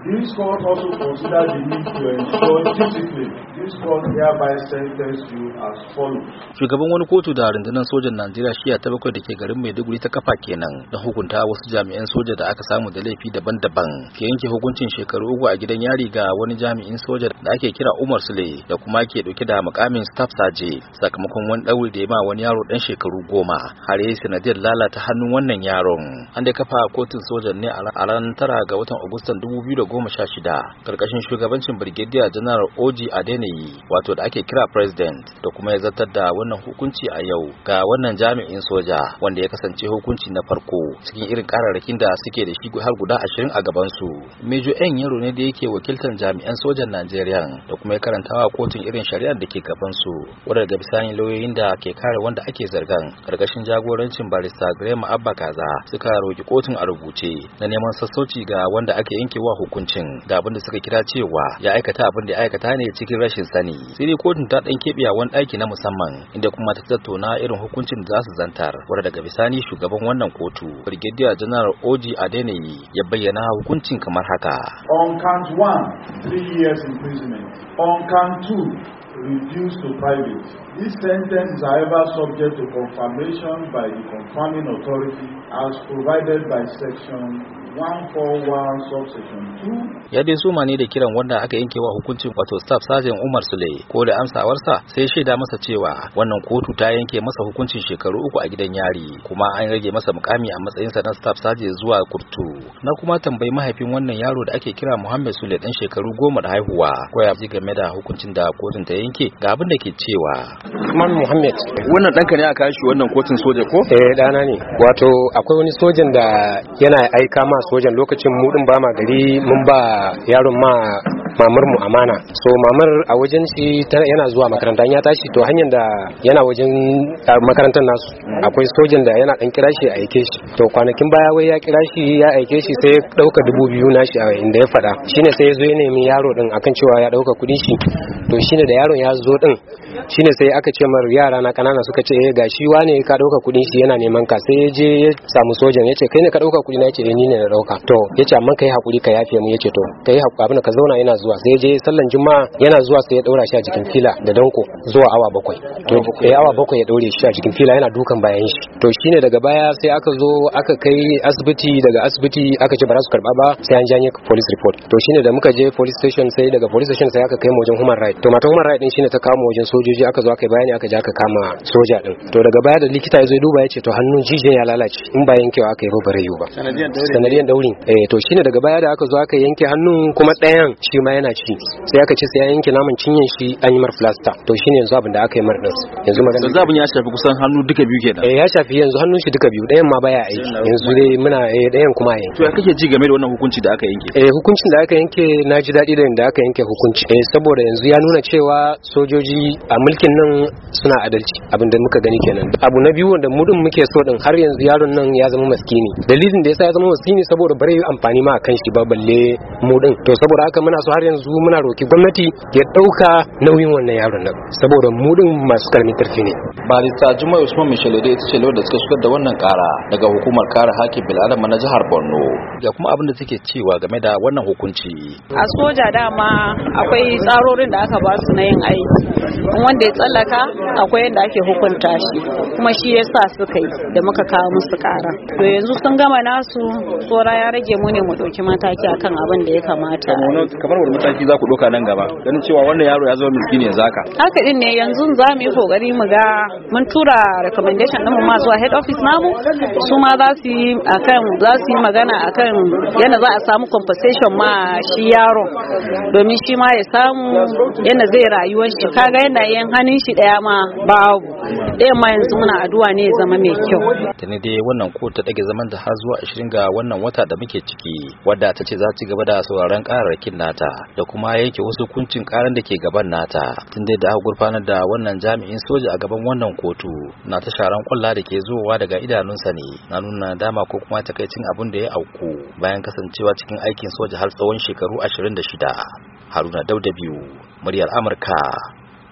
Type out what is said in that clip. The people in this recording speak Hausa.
This court also considers the need to ensure discipline. This court hereby sentences you as follows. Shugaban wani kotu da rundunar sojan Najeriya shiya ta bakwai da ke garin Maiduguri ta kafa kenan na hukunta wasu jami'an soja da aka samu da laifi daban-daban. Ke yanke hukuncin shekaru uku a gidan yari ga wani jami'in soja da ake kira Umar Sule da kuma ke dauke da mukamin staff saje sakamakon wani ɗauri da ya ma wani yaro dan shekaru goma har yayi sanadiyar lalata hannun wannan yaron. An da kafa kotun sojan ne a ranar tara ga watan Agustan 2010 goma sha shida karkashin shugabancin Brigadier General Oji Adeniyi wato da ake kira President da kuma ya zartar da wannan hukunci a yau ga wannan jami'in soja wanda ya kasance hukunci na farko cikin irin kararrakin da suke da shi har guda ashirin a gabansu. Mejo N Yaro ne da yake wakiltar jami'an sojan Najeriya da kuma ya karantawa kotun irin shari'ar da ke gabansu wadda daga bisani lauyoyin da ke kare wanda ake zargan karkashin jagorancin barista Graham Abba Kaza suka roki kotun a rubuce na neman sassauci ga wanda ake yanke wa hukunci. hukuncin da abin da suka kira cewa ya aikata abin da ya aikata ne cikin rashin sani sai dai kotun ta dan kebe a wani aiki na musamman inda kuma ta tattauna irin hukuncin da za su zantar wanda daga bisani shugaban wannan kotu brigadier general oji adeniyi ya bayyana hukuncin kamar haka on count one three years imprisonment on count two reduced to private. this sentence is however subject to confirmation by the confirming authority as provided by section ya dai ne da kiran wanda aka yanke wa hukuncin wato staff sergeant Umar Sule ko da amsawarsa sai shaida masa cewa wannan kotu ta yanke masa hukuncin shekaru uku a gidan yari kuma an rage masa mukami a matsayin sa na staff sergeant zuwa kurtu na kuma tambayi mahaifin wannan yaro da ake kira Muhammad Sule dan shekaru goma da haihuwa ko ya ji game da hukuncin da kotun ta yanke ga abin da ke cewa Usman Muhammad wannan danka ne aka shi wannan kotun soja ko eh dana ne wato akwai wani sojan da yana aika ma sojan lokacin mu din ba ma gari mun ba yaron ma mamar mu amana so mamar a wajen shi yana zuwa makaranta ya tashi to hanyar da yana wajen makarantar nasu akwai sojan da yana dan kira shi a aike shi to kwanakin baya wai ya kira shi ya aike shi sai ya dauka dubu biyu na shi a inda ya fada shine sai ya zo ya nemi yaro din akan cewa ya dauka kudin shi to shine da yaron ya zo din shine sai aka ce mar yara na kanana suka ce eh gashi wane ka dauka kudin shi yana neman ka sai ya je ya samu sojan ya ce kai ne ka dauka kudi na yace eh, ni ne na dauka to yace amma kai hakuri ka yafe mu ce to kai hakuri abin ka zauna ina zuwa zuwa sai je sallan juma'a yana zuwa sai ya daura shi a jikin fila da danko zuwa awa bakwai to eh awa bakwai ya daure shi a jikin fila yana dukan bayan shi to shine daga baya sai aka zo aka kai asibiti daga asibiti aka ce ba za su karba ba sai an janye police report to shine da muka je police station sai daga police station sai aka kai mu wajen human right to mata human right din shine ta kama wajen sojoji aka zo aka bayani aka je aka kama soja din to daga baya da likita ya zo ya duba ya ce to hannun jijiyar ya lalace in ba yankewa aka yi ba bare ba sanadiyan daurin eh to shine daga baya da aka zo aka yanke hannun kuma ɗayan shi ma yana ci sai aka ce sai ya yanke naman cinyen shi an yi mar plaster to shine yanzu abin da aka yi mar din yanzu magana yanzu abin ya shafi kusan hannu duka biyu kenan eh ya shafi yanzu hannun shi duka biyu dayan ma baya aiki yanzu dai muna eh dayan kuma yanki to ya kake ji game da wannan hukunci da aka yanke eh hukuncin da aka yanke na ji daɗi da inda aka yanke hukunci eh saboda yanzu ya nuna cewa sojoji a mulkin nan suna adalci abin da muka gani kenan abu na biyu wanda mu muke so din har yanzu yaron nan ya zama maskini dalilin da yasa ya zama maskini saboda bare amfani ma kan shi ba balle mudun to saboda haka muna so har yanzu muna roki gwamnati ya ɗauka nauyin wannan yaron nan saboda mu masu karamin tarfi ne barista jumai usman da ita ce da suka shigar da wannan kara daga hukumar kare haƙin bil'adama na jihar borno ga kuma abin da suke cewa game da wannan hukunci a soja dama akwai tsarorin da aka ba su na yin aiki wanda ya tsallaka akwai yadda ake hukunta shi kuma shi ya sa suka yi da muka kawo musu kara to yanzu sun gama nasu tsora ya rage mu ne mu ɗauki mataki akan abin da ya kamata kamar wani mataki za ku ɗauka nan gaba ganin cewa wannan yaro ya zama ne ya haka haka din ne yanzu za mu yi kokari mu ga mun tura recommendation din mu ma zuwa head office namu su ma za su yi akan za su yi magana akan yana za a samu compensation ma shi yaro domin shi ma ya samu yana zai rayuwar shi kaga yanayin hannun shi daya ma babu ɗaya ma yanzu muna addu'a ne ya zama mai kyau tani dai wannan kotu ta dage zaman da har zuwa 20 ga wannan wata da muke ciki wadda ta ce za ta gaba da sauraron kararrakin nata da kuma yanke wasu hukuncin karan da ke gaban nata tun dai da aka gurfanar da wannan jami'in soja a gaban wannan kotu na ta sharan kwalla da ke zuwa daga idanunsa ne na nuna dama ko kuma takaicin abin da ya auku bayan kasancewa cikin aikin soja har tsawon shekaru ashirin da shida. haruna dauda biyu muryar amurka